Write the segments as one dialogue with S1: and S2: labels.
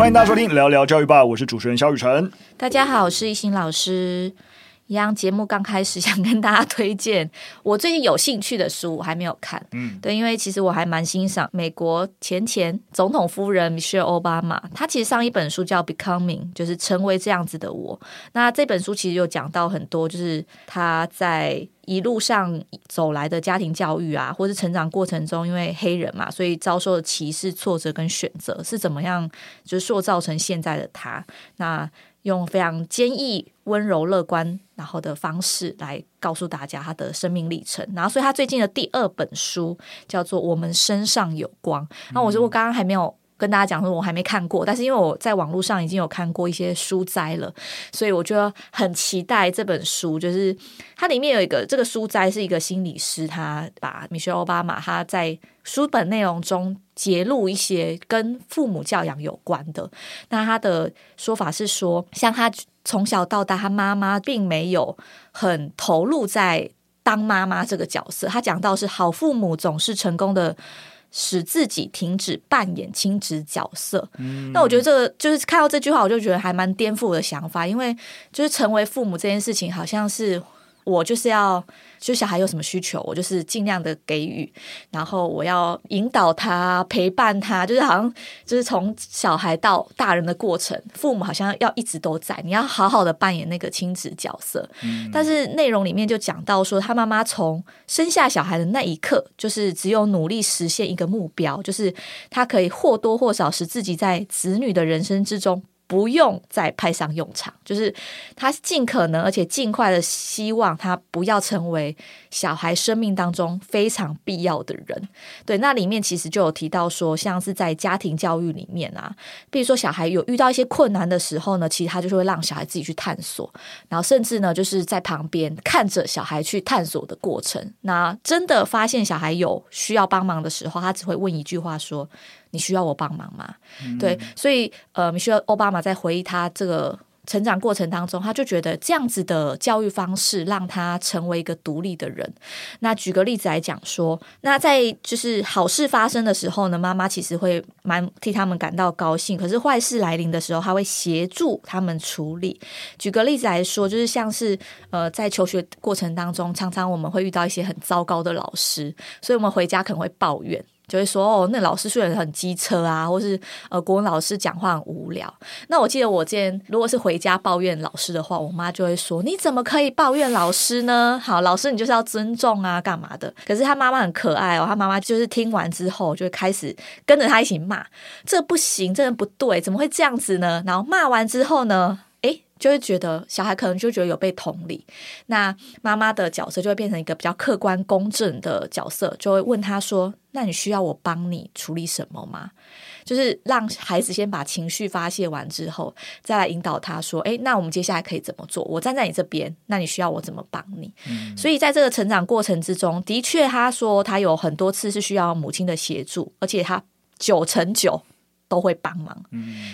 S1: 歡迎大家收聽《聊聊教育吧》，我是主持人蕭宇辰。
S2: 大家好，我是懿心老師。一樣，節目剛開始，想跟大家推薦我最近有興趣的書，我還沒有看。嗯，對，因為其實我還蠻欣賞美國前前總統夫人 Michelle Obama，她其實上一本書叫《Becoming》，就是成為這樣子的我。那這本書其實有講到很多，就是她在一路上走來的家庭教育啊，或是成長過程中，因為黑人嘛，所以遭受的歧視、挫折跟選擇是怎麼樣，就是塑造成現在的他。那用非常堅毅、溫柔、樂觀然後的方式來告訴大家他的生命歷程。然後，所以他最近的第二本書叫做《我們身上有光》。嗯，那我說我剛剛還沒有。跟大家講說，我還沒看過，但是因為我在網絡上已經有看過一些書摘了，所以我覺得很期待這本書。就是它裡面有一個這個書摘是一個心理師，他把米歇爾·歐巴馬他在書本內容中揭露一些跟父母教養有關的。那他的說法是說，像他從小到大，他媽媽並沒有很投入在當媽媽這個角色。他講到是好父母總是成功的。使自己停止扮演親職角色，嗯，那我覺得這個就是看到這句話，我就覺得還蠻顛覆我的想法，因為就是成為父母這件事情，好像是。我就是要，就小孩有什麼需求，我就是盡量的給予，然後我要引導他、陪伴他，就是好像就是從小孩到大人的過程，父母好像要一直都在，你要好好的扮演那個親子角色。嗯，但是內容裡面就講到說，他媽媽從生下小孩的那一刻，就是只有努力實現一個目標，就是他可以或多或少使自己在子女的人生之中，不用再派上用場，就是他盡可能而且盡快的希望他不要成為小孩生命當中非常必要的人。對，那裡面其實就有提到說，像是在家庭教育裡面啊，比如說小孩有遇到一些困難的時候呢，其實他就是會讓小孩自己去探索，然後甚至呢就是在旁邊看着小孩去探索的過程。那真的發現小孩有需要幫忙的時候，他只會問一句話說，你需要我幫忙嗎？嗯、對，所以呃，米歇爾奧巴馬在回憶他這個成長過程當中，他就覺得這樣子的教育方式讓他成為一個獨立的人。那舉個例子來講說，那在就是好事發生的時候呢，媽媽其實會蠻替他們感到高興；可是壞事來臨的時候，他會協助他們處理。舉個例子來說，就是像是呃，在求學過程當中，常常我們會遇到一些很糟糕的老師，所以我們回家可能會抱怨。就會說哦，那老師雖然很機車啊，或是呃，國文老師講話很無聊。那我記得我之前如果是回家抱怨老師的話，我媽就會說，你怎麼可以抱怨老師呢？好，老師你就是要尊重啊，幹嘛的？可是他媽媽很可愛哦，他媽媽就是聽完之後就會開始跟着他一起罵，這不行，這人不對，怎麼會這樣子呢？然後罵完之後呢，就會覺得小孩可能就會覺得有被同理，那媽媽的角色就會變成一個比較客觀公正的角色，就會問他說：“那你需要我幫你處理什麼嗎？”就是讓孩子先把情緒發洩完之後，再來引導他說：“誒、欸，那我們接下來可以怎麼做？我站在你這邊，那你需要我怎麼幫你？”嗯、所以在這個成長過程之中，的確他說他有很多次是需要母親的協助，而且他九成九。都會幫忙，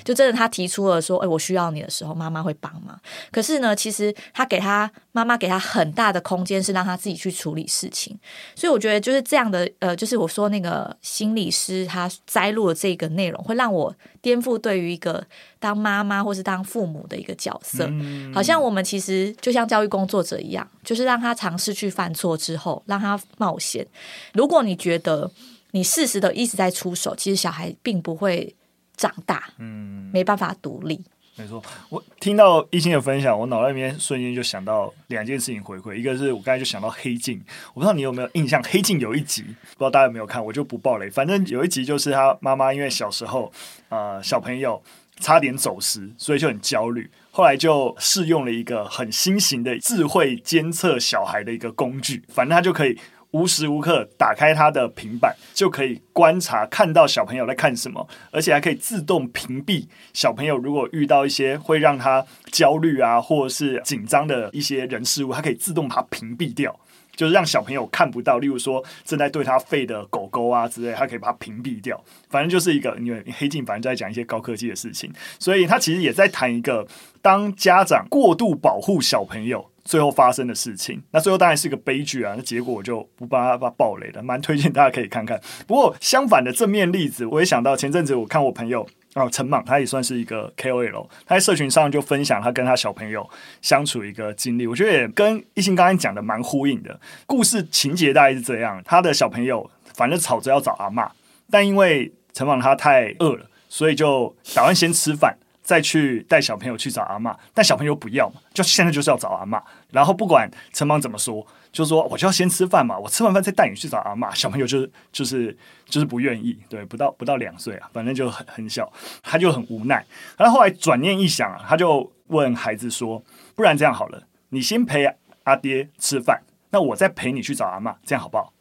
S2: 就真的他提出了說：“哎、欸，我需要你的時候，媽媽會幫忙。”可是呢，其實他給他媽媽給他很大的空間，是讓他自己去處理事情。所以我覺得，就是這樣的，呃，就是我說那個心理師他摘錄的這個內容，會讓我顛覆對於一個當媽媽或是當父母的一個角色。好像我們其實就像教育工作者一樣，就是讓他嘗試去犯錯之後，讓他冒險。如果你覺得你適時的一直在出手，其實小孩並不會。長大，嗯，沒辦法獨立。沒錯，我聽
S1: 到懿心的分享，我腦袋裡面瞬間就想到兩件事情回饋。一個是我剛才就想到黑鏡，我不知道你有沒有印象，黑鏡有一集，不知道大家有沒有看，我就不爆雷。反正有一集就是他媽媽因為小時候啊、呃、小朋友差點走失，所以就很焦慮，後來就試用了一個很新型的智慧監測小孩的一個工具，反正他就可以。無時無刻打開他的平板，就可以觀察看到小朋友在看什麼，而且還可以自動屏蔽小朋友。如果遇到一些會讓他焦慮啊，或是緊張的一些人事物，它可以自動把它屏蔽掉，就是讓小朋友看不到。例如說，正在對他吠的狗狗啊之類，它可以把它屏蔽掉。反正就是一個，因為黑鏡反正就在講一些高科技的事情，所以他其實也在談一個，當家長過度保護小朋友。最後發生的事情，那最後當然是一個悲劇啊！那結果我就不把他把它爆雷了，蠻推薦大家可以看看。不過相反的正面例子，我也想到前陣子我看我朋友哦，陳、呃、莽，他也算是一個 KOL，他在社群上就分享他跟他小朋友相處一個經歷，我覺得也跟懿心剛才講的蠻呼應的。故事情節大概是這樣：他的小朋友反正吵着要找阿媽，但因為陳莽他太餓了，所以就打算先吃飯。再去帶小朋友去找阿嬤，但小朋友不要，就現在就是要找阿嬤。然後不管陳媽怎麼說，就說我就要先吃飯嘛，我吃完飯再帶你去找阿嬤。小朋友就是就是就是不願意，對，不到不到兩歲啊，反正就很很小，他就很無奈。然後後來轉念一想，他就問孩子說：“不然這樣好了，你先陪阿爹吃飯，那我再陪你去找阿嬤，這樣好不好？”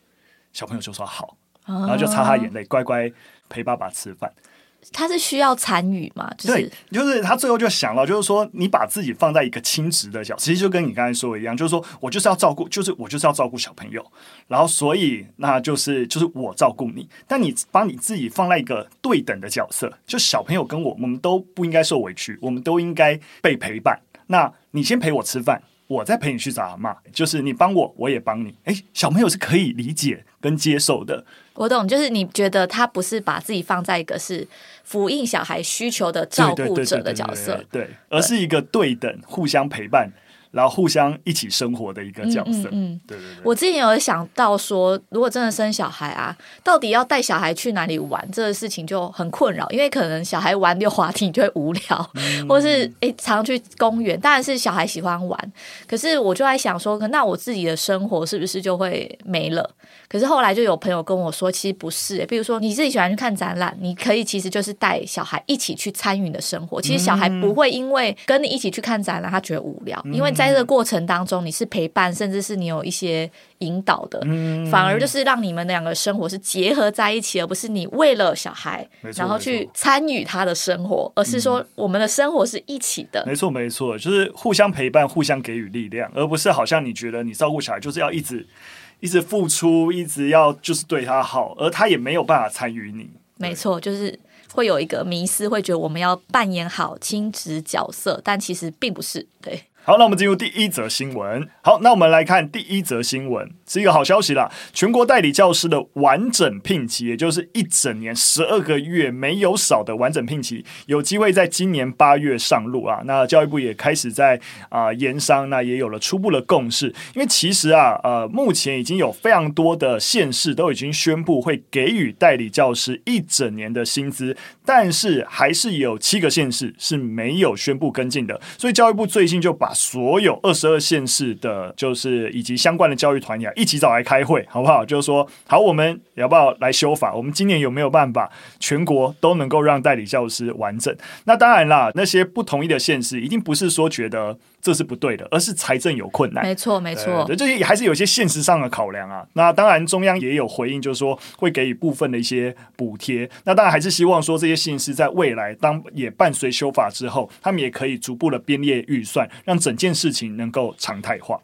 S1: 小朋友就說好，
S2: 然後就擦擦眼
S1: 淚，乖乖陪爸爸吃飯。
S2: 他是需要參與嘛？就是、
S1: 對，就是他最後就想了，就是說你把自己放在一個親職的角色，其實就跟你剛才說的一樣，就是說我就是要照顧，就是我就是要照顧小朋友，然後所以那就是就是我照顧你，但你把你自己放在一個對等的角色，就小朋友跟我，我們都不應該受委屈，我們都應該被陪伴。那你先陪我吃飯。我在陪你去找阿嬤，就是你幫我，我也幫你。誒，小朋友是可以理解跟接受的。
S2: 我懂，就是你覺得他不是把自己放在一個是符應小孩需求的照顧者的角色，對，
S1: 對，而是一個對等，對互相陪伴，然後互相一起生活的一個角色，嗯，嗯嗯對，對，對。
S2: 我之前有想到說，如果真的生小孩啊，到底要帶小孩去哪裡玩？這個事情就很困擾，因為可能小孩玩溜滑梯就會無聊，嗯、或是哎，常去公園。當然是小孩喜歡玩，可是我就在想說，可那我自己的生活是不是就會沒了？可是後來就有朋友跟我說，其實不是、欸。比如說，你自己喜歡去看展覽，你可以其實就是帶小孩一起去參與你的生活。嗯、其實小孩不會因為跟你一起去看展覽，他覺得無聊，嗯、因為在在這個過程當中，你是陪伴，甚至是你有一些引導的，嗯、反而就是讓你們兩個生活是結合在一起，嗯、而不是你為了小孩，沒錯、然後去參與他的生活，嗯、而是說我們的生活是一起的。沒
S1: 錯、嗯，沒錯，就是互相陪伴，互相給予力量，而不是好像你覺得你照顧小孩就是要一直一直付出，一直要就是對他好，而他也沒有辦法參與你。
S2: 沒錯，就是會有一個迷思，會覺得我們要扮演好親子角色，但其實並不是，對。
S1: 好，那我們進入第一則新聞。好，那我們來看第一則新聞。是一個好消息啦，全國代理教師的完整聘期，也就是一整年十二個月沒有少的完整聘期，有機會在今年八月上路啊。那教育部也開始在啊、呃、研商，那也有了初步的共識。因為其實啊呃，目前已經有非常多的縣市都已經宣布會給予代理教師一整年的薪資，但是還是有七個縣市是沒有宣布跟進的。所以教育部最近就把所有二十二縣市的，就是以及相關的教育團體。一起找來開會，好不好？就是說，好，我們要不要來修法？我們今年有沒有辦法全國都能夠讓代理教師完整？那當然啦，那些不同意的縣市，一定不是說覺得這是不對的，而是財政有困難沒。
S2: 沒錯，沒錯，這些還是有些
S1: 現實上的考量啊。那當然，中央也有回應，就是說會給予部分的一些補貼。那當然，還是希望說這些縣市在未來當也伴隨修法之後，他們也可以逐步的編列預算，讓整件事情能夠常態化。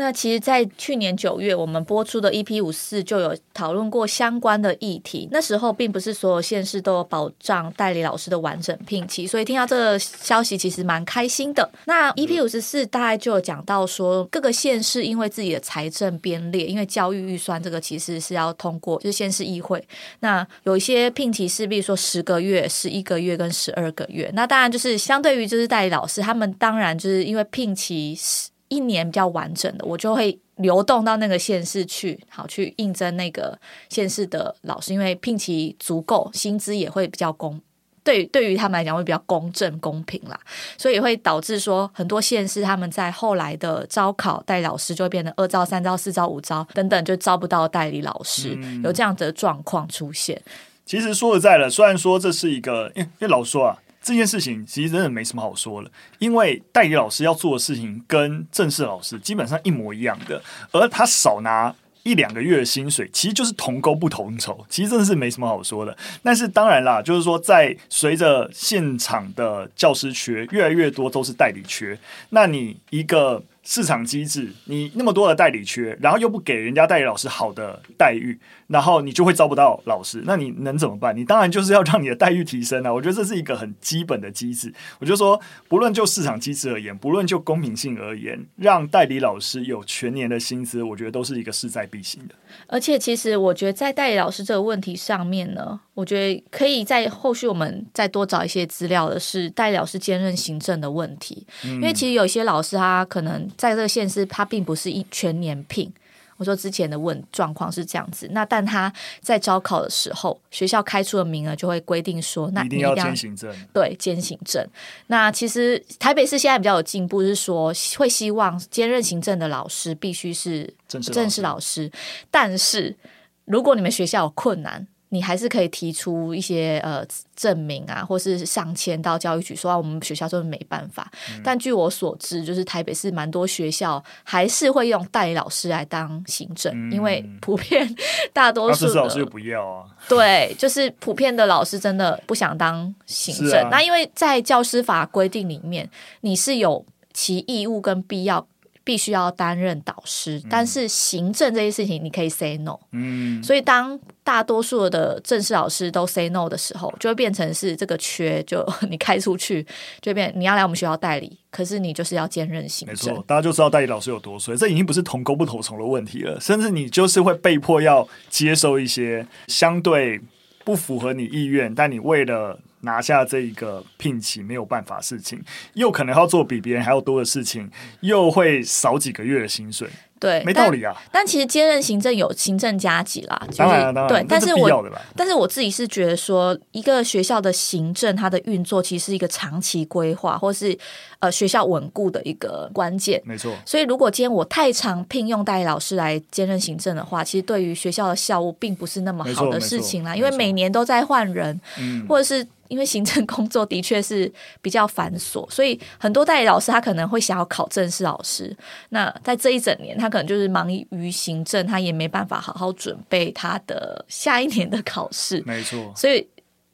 S2: 那其實，在去年九月，我們播出的 EP 五十四，就有討論過相關的議題。那時候，並不是所有縣市都有保障代理老師的完整聘期，所以聽到這個消息，其實蠻開心的。那 EP 五十四大概就有講到說，各個縣市因為自己的財政編列，因為教育預算這個其實是要通過就是縣市議會。那有一些聘期，是比如說十個月、十一個月跟十二個月。那當然就是相對於就是代理老師，他們當然就是因為聘期是。一年比較完整的，我就會流動到那個縣市去，好去應徵那個縣市的老師，因為聘期足夠，薪資也會比較公，對，對於他們來講會比較公正公平啦，所以會導致說很多縣市他們在後來的招考代老師就會變得二招、三招、四招、五招等等，就招不到代理老師，嗯、有這樣的狀況出現。
S1: 其實說實在的，雖然說這是一個，哎，老說啊。這件事情其實真的沒什麼好說了，因為代理老師要做的事情跟正式老師基本上一模一樣的，而他少拿一兩個月的薪水，其實就是同工不同酬，其實真的是沒什麼好說的。但是當然啦，就是說在隨着現場的教師缺越來越多，都是代理缺，那你一個。市場機制，你那麼多的代理缺，然後又不給人家代理老師好的待遇，然後你就會招不到老師。那你能怎麼辦？你當然就是要讓你的待遇提升了啊。我覺得這是一個很基本的機制。我就說，不論就市場機制而言，不論就公平性而言，讓代理老師有全年的薪資，我覺得都是一個勢在
S2: 必行的。而且，其實我覺得在代理老師這個問題上面呢，我覺得可以在後續我們再多找一些資料的是代理老師兼任行政的問題，嗯、因為其實有些老師他、啊、可能在這個縣市他並不是一全年聘。我說之前的問狀況是這樣子，那但他在招考的時候，學校開出的名額就會規定說，那你一定要，一定要兼行政，對，兼行政。那其實台北市現在比較有進步，是說會希望兼任行政的老師必須是正式老師，老師但是如果你們學校有困難，你還是可以提出一些呃證明啊，或是上簽到教育局，說我們學校真的沒辦法。嗯、但據我所知，就是台北市蠻多學校還是會用代理老師來當行政，嗯、因為普遍大多數、啊、老師又不要啊。對，就是普遍的老師真的不想當行政。啊、那因為在教師法規定裡面，你是有其義務跟必要。必須要擔任導師，嗯、但是行政這些事情你可以 say no。嗯，所以當大多數的正式老師都 say no 的時候，就會變成是這個缺就你開出去，就變你要來我們學校代理，可是你就是要兼任行政。沒錯，
S1: 大家就知道代理老師有多衰，這已經不是同工不同酬的問題了，甚至你就是會被迫要接受一些相對不符合你意願，但你為了。拿下這一個聘期，沒有辦法的事情，又可能要做比別人還要多的事情，又會少幾個月的薪水。
S2: 對，沒道理啊！但，但其實兼任行政有行政加給啦，就是、啊啊、對。但是我，我但是我自己是覺得說，一個學校的行政，它的運作其實是一個長期規劃，或是呃學校穩固的一個關鍵。沒錯。所以，如果今天我太常聘用代理老師來兼任行政的話，其實對於學校的校務並不是那麼好的事情啦。因為每年都在換人，沒錯。或者是因為行政工作的確是比較繁瑣，所以很多代理老師他可能會想要考正式老師。那在這一整年他。可能就是忙於行政，他也沒辦法好好準備他的下一年的考試。沒錯，所以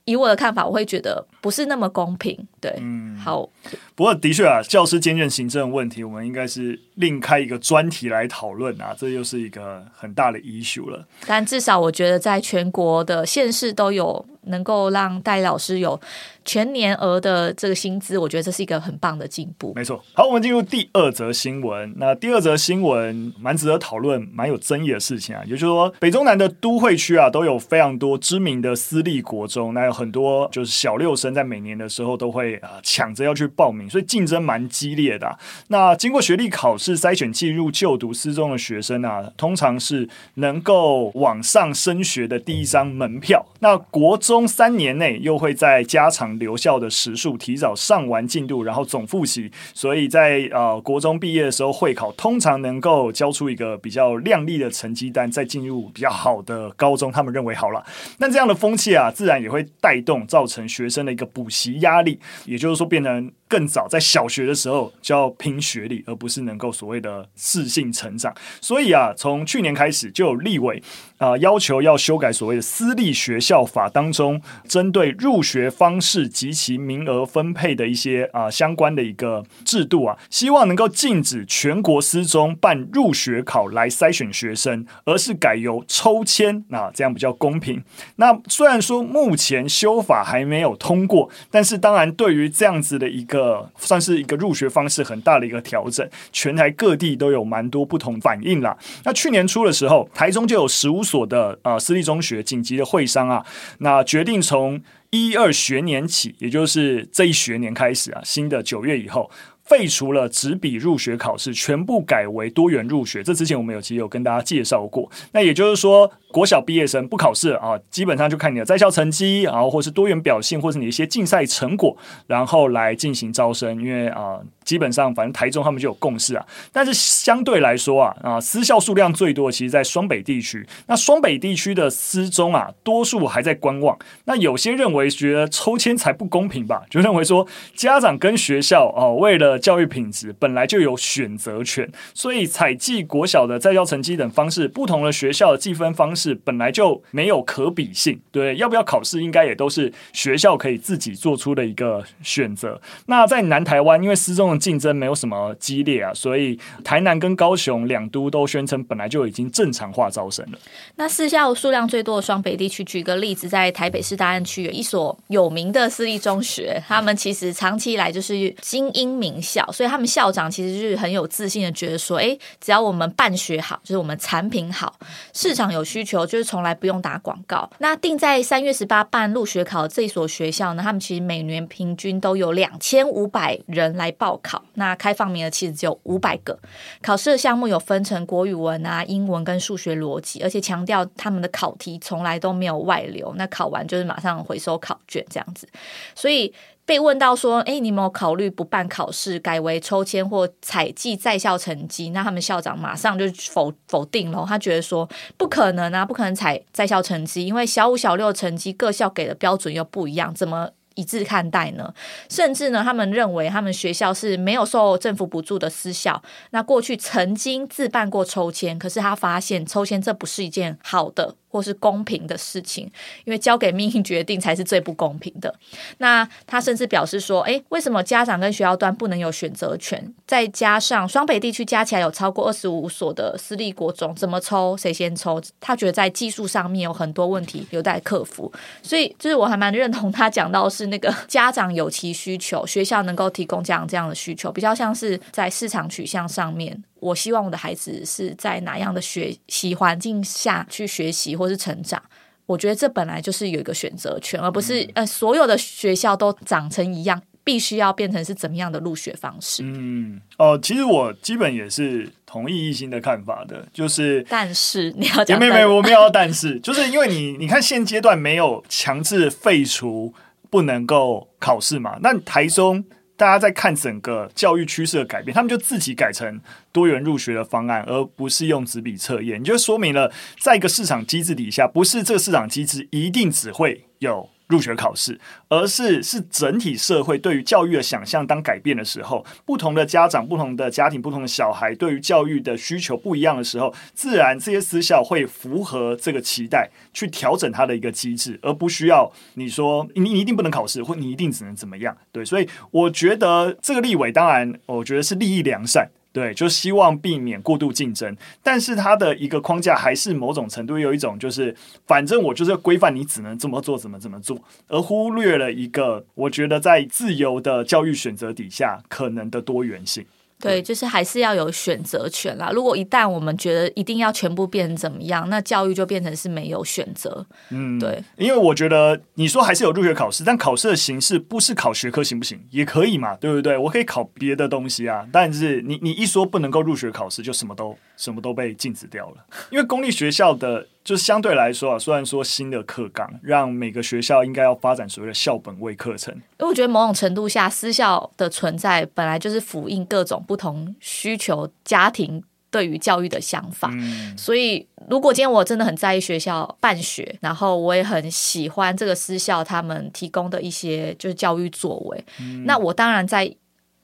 S2: 以我的看法，我會覺得。不是那麼公平，對，嗯，好。
S1: 不過的確啊，教師兼任行政問題，我們應該是另開一個專題來討論啊，這又是一個很大的 issue 了。
S2: 但至少我覺得，在全國的縣市都有能夠讓代老師有全年額的這個薪資，我覺得這是一個很棒的進步。沒錯，
S1: 好，我們進入第二則新聞。那第二則新聞蠻值得討論、蠻有爭議的事情啊，也就是說，北中南的都會區啊，都有非常多知名的私立國中，那有很多就是小六生在每年的時候都會啊、呃、搶着要去報名，所以競爭蠻激烈的、啊。那經過學歷考試篩選進入就讀私中的學生啊，通常是能夠往上升學的第一張門票。那國中三年內又會在加長留校的時數，提早上完進度，然後總複習。所以在呃國中畢業的時候會考，通常能夠交出一個比較亮麗的成績單，再進入比較好的高中。他們認為好了，那這樣的風氣啊，自然也會帶動造成學生的。一個補習壓力，也就是說，變成。更早在小學的時候就要拼學歷，而不是能夠所謂的適性成長。所以啊，從去年開始就有立委啊、呃、要求要修改所謂的私立學校法當中針對入學方式及其名額分配的一些啊、呃、相關的一個制度啊，希望能夠禁止全國私中辦入學考來篩選學生，而是改由抽籤啊，這樣比較公平。那雖然說目前修法還沒有通過，但是當然對於這樣子的一個。呃，算是一個入學方式很大的一個調整，全台各地都有蠻多不同反應啦。那去年初的時候，台中就有十五所的呃私立中學緊急的會商啊，那決定從一二學年起，也就是這一學年開始啊，新的九月以後。廢除了紙筆入學考試，全部改為多元入學。這之前我們有其實有跟大家介紹過。那也就是說，國小畢業生不考試啊、呃，基本上就看你的在校成績，然、呃、後或是多元表現，或是你一些競賽成果，然後來進行招生。因為啊、呃，基本上反正台中他們就有共識啊。但是相對來說啊啊、呃，私校數量最多，其實在雙北地區。那雙北地區的私中啊，多數還在觀望。那有些認為覺得抽籤才不公平吧，就認為說家長跟學校啊、呃，為了教育品質本來就有選擇權，所以採計國小的在校成績等方式，不同的學校的計分方式本來就沒有可比性。對，要不要考試，應該也都是學校可以自己做出的一個選擇。那在南台灣，因為私中的競爭沒有什麼激烈啊，所以台南跟高雄兩都都宣稱本來就已經正常化招生了。
S2: 那私校數量最多的雙北地區，舉個例子，在台北市大安區有一所有名的私立中學，他們其實長期以來就是精英名校。校，所以他們校長其實就是很有自信的，覺得說，誒，只要我們辦學好，就是我們產品好，市場有需求，就是從來不用打廣告。那定在三月十八辦入學考的這所學校呢，他們其實每年平均都有兩千五百人來報考。那開放名額其實只有五百個，考試的項目有分成國語文啊、英文跟數學邏輯，而且強調他們的考題從來都沒有外流，那考完就是馬上回收考卷這樣子。所以。被問到說：“誒，你有沒有考慮不辦考試，改為抽籤或採計在校成績？”那他們校長馬上就否否定了，他覺得說不可能啊，不可能採在校成績，因為小五、小六成績各校給的標準又不一樣，怎麼一致看待呢？甚至呢，他們認為他們學校是沒有受政府補助的私校，那過去曾經自辦過抽籤，可是他發現抽籤這不是一件好的。或是公平的事情，因為交給命運決定才是最不公平的。那他甚至表示說：“誒，為什麼家長跟學校端不能有選擇權？再加上雙北地區加起來有超過二十五所的私立國中，怎麼抽，誰先抽？他覺得在技術上面有很多問題有待克服。所以，就是我還蠻認同他講到是那個家長有其需求，學校能夠提供這樣這樣的需求，比較像是在市場取向上面。”我希望我的孩子是在哪樣的學習環境下去學習或是成長？我覺得這本來就是有一個選擇權，而不是呃所有的學校都長成一樣，必須要變成是怎麼樣的入學方式。嗯，
S1: 哦、呃，其實我基本也是同意懿心的看法的，就是
S2: 但是你要講、欸、沒有沒有我
S1: 沒有要但是， 就是因為你你看現階段沒有強制廢除不能夠考試嘛？那台中大家在看整個教育趨勢的改變，他們就自己改成。多元入學的方案，而不是用紙筆測驗，就說明了，在一個市場機制底下，不是這個市場機制一定只會有入學考試，而是是整體社會對於教育的想象當改變的時候，不同的家長、不同的家庭、不同的小孩對於教育的需求不一樣的時候，自然這些私校會符合這個期待去調整它的一個機制，而不需要你說你你一定不能考試，或你一定只能怎麼樣？對，所以我覺得這個立委當然，我覺得是立意良善。對，就希望避免過度競爭，但是它的一個框架還是某種程度有一種，就是反正我就是規範你只能這麼做、怎麼怎麼做，而忽略了一個我覺得在自由的教育選擇底下可能的多元性。
S2: 對，就是還是要有選擇權啦。如果一旦我們覺得一定要全部變成怎麼樣，那教育就變成是沒有選擇。
S1: 嗯，對，因為我覺得你說還是有入學考試，但考試的形式不是考學科行不行？也可以嘛，對不對？我可以考別的東西啊。但是你你一說不能夠入學考試，就什麼都。什麼都被禁止掉了，因為公立學校的，就是相對來說啊，雖然說新的課綱讓每個學校應該要發展所謂的校本位課程，因
S2: 為我覺得某種程度下，私校的存在本來就是反映各種不同需求家庭對於教育的想法，嗯、所以如果今天我真的很在意學校辦學，然後我也很喜歡這個私校他們提供的一些就是教育作為，嗯、那我當然在。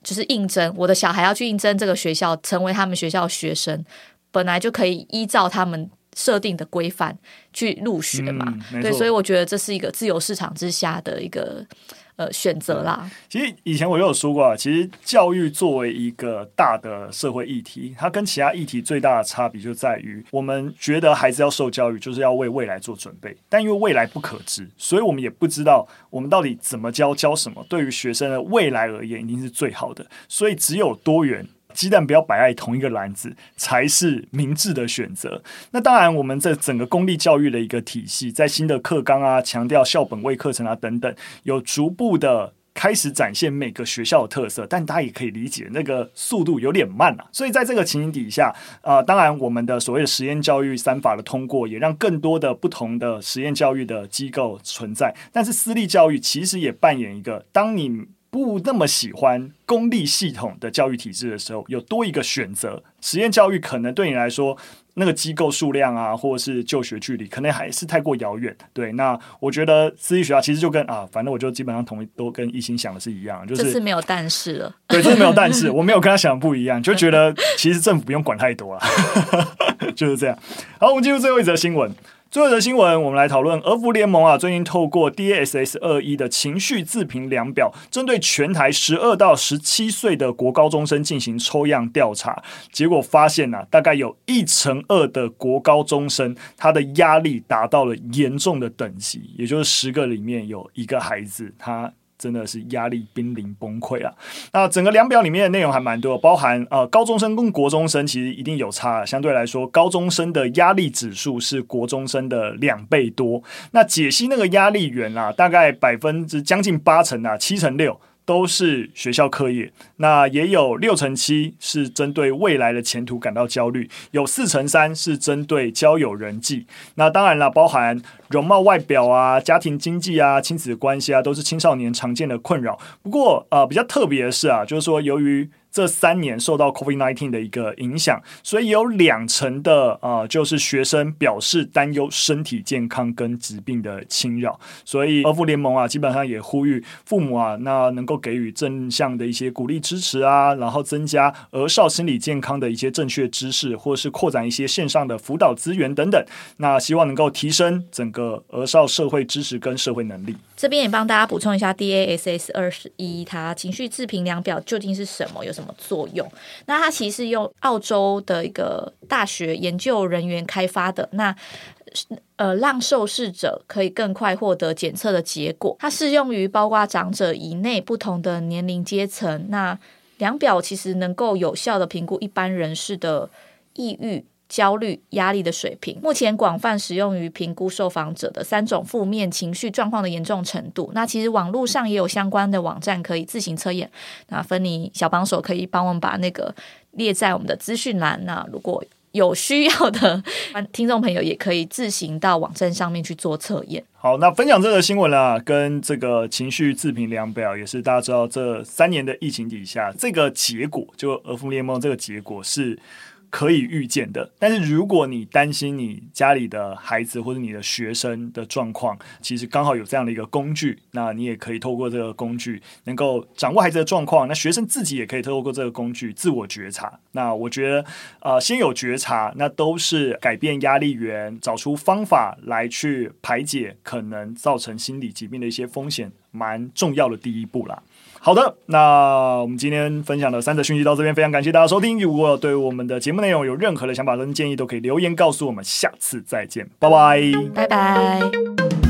S2: 就是應徵，我的小孩要去應徵這個學校，成為他們學校的學生，本來就可以依照他們設定的規範去入學嘛。嗯、對，所以我覺得這是一個自由市場之下的一個。呃，選擇啦。嗯，
S1: 其實以前我都有說過啊，其實教育作為一個大的社會議題，它跟其他議題最大的差別就在於，我們覺得孩子要受教育，就是要為未來做準備。但因為未來不可知，所以我們也不知道我們到底怎麼教、教什麼，對於學生的未來而言，一定是最好的。所以只有多元。雞蛋不要擺在同一個籃子才是明智的選擇。那當然，我們這整個公立教育的一個體系，在新的課綱啊、強調校本位課程啊等等，有逐步的開始展現每個學校的特色。但大家也可以理解，那個速度有點慢啊。所以在這個情形底下，啊、呃，當然我們的所謂的實驗教育三法的通過，也讓更多的不同的實驗教育的機構存在。但是私立教育其實也扮演一個，當你。不那麼喜歡公立系統的教育體制的時候，有多一個選擇，實驗教育可能對你來說，那個機構數量啊，或者是就學距離，可能還是太過遙遠。對，那我覺得私立學校其實就跟啊，反正我就基本上同意，都跟懿心想的是一樣，就是，這是
S2: 沒有但是了。對，這是沒有但是，
S1: 我沒有跟他想的不一樣，就覺得其實政府不用管太多了， 就是這樣。好，我們進入最後一則的新聞。最後的新聞，我們來討論俄服聯盟啊，最近透過 D S S 二一的情緒自評量表，針對全台十二到十七歲的國高中生進行抽樣調查，結果發現吶、啊，大概有一成二的國高中生，他的壓力達到了嚴重的等級，也就是十個裡面有一個孩子他。真的是壓力瀕臨崩潰了啊。那整個量表裡面的內容還蠻多，包含呃高中生跟國中生其實一定有差啊，相對來說高中生的壓力指數是國中生的兩倍多。那解析那個壓力源啊，大概百分之將近八成啊，七成六，都是學校課業，那也有六成七是針對未來的前途感到焦慮，有四成三是針對交友人際，那當然了，包含容貌外表啊、家庭經濟啊、親子關係啊，都是青少年常見的困擾。不過，呃，比較特別的是啊，就是說由於。這三年受到 COVID-19 的一個影響，所以有兩成的啊、呃，就是學生表示擔憂身體健康跟疾病的侵擾。所以，兒福聯盟啊，基本上也呼籲父母啊，那能夠給予正向的一些鼓勵支持啊，然後增加兒少心理健康的一些正確知識，或是擴展一些線上的輔導資源等等。那希望能夠提升整個兒少社會知識跟社會能力。
S2: 這邊也幫大家補充一下，DASS 21，它情緒自評量表究竟是什麼，有什麼作用？那它其實是用澳洲的一個大學研究人員開發的，那呃讓受試者可以更快獲得檢測的結果。它適用於包括長者以內不同的年齡階層。那量表其實能夠有效地評估一般人士的抑鬱，焦慮、壓力的水平，目前廣泛使用於評估受訪者的三種負面情緒狀況的嚴重程度。那其實網絡上也有相關的網站可以自行測驗。那芬妮小幫手可以幫我們把那個列在我們的資訊欄。那如果有需要的聽眾朋友，也可以自行到網站上面去做測驗。
S1: 好，那分享這個新聞了、啊，跟這個情緒自評量表也是大家知道，這三年的疫情底下，這個結果就兒福聯盟這個結果是。可以預見的，但是如果你擔心你家裡的孩子，或者你的學生的狀況，其實剛好有這樣的一個工具，那你也可以透過這個工具能夠掌握孩子的狀況。那學生自己也可以透過這個工具自我覺察。那我覺得，呃，先有覺察，那都是改變壓力源，找出方法來去排解可能造成心理疾病的一些風險，蠻重要的第一步啦。好的，那我們今天分享的三則訊息到這邊，非常感謝大家收聽。如果對我們的節目內容有任何的想法跟建議，都可以留言告訴我們。下次再見，拜拜，
S2: 拜拜。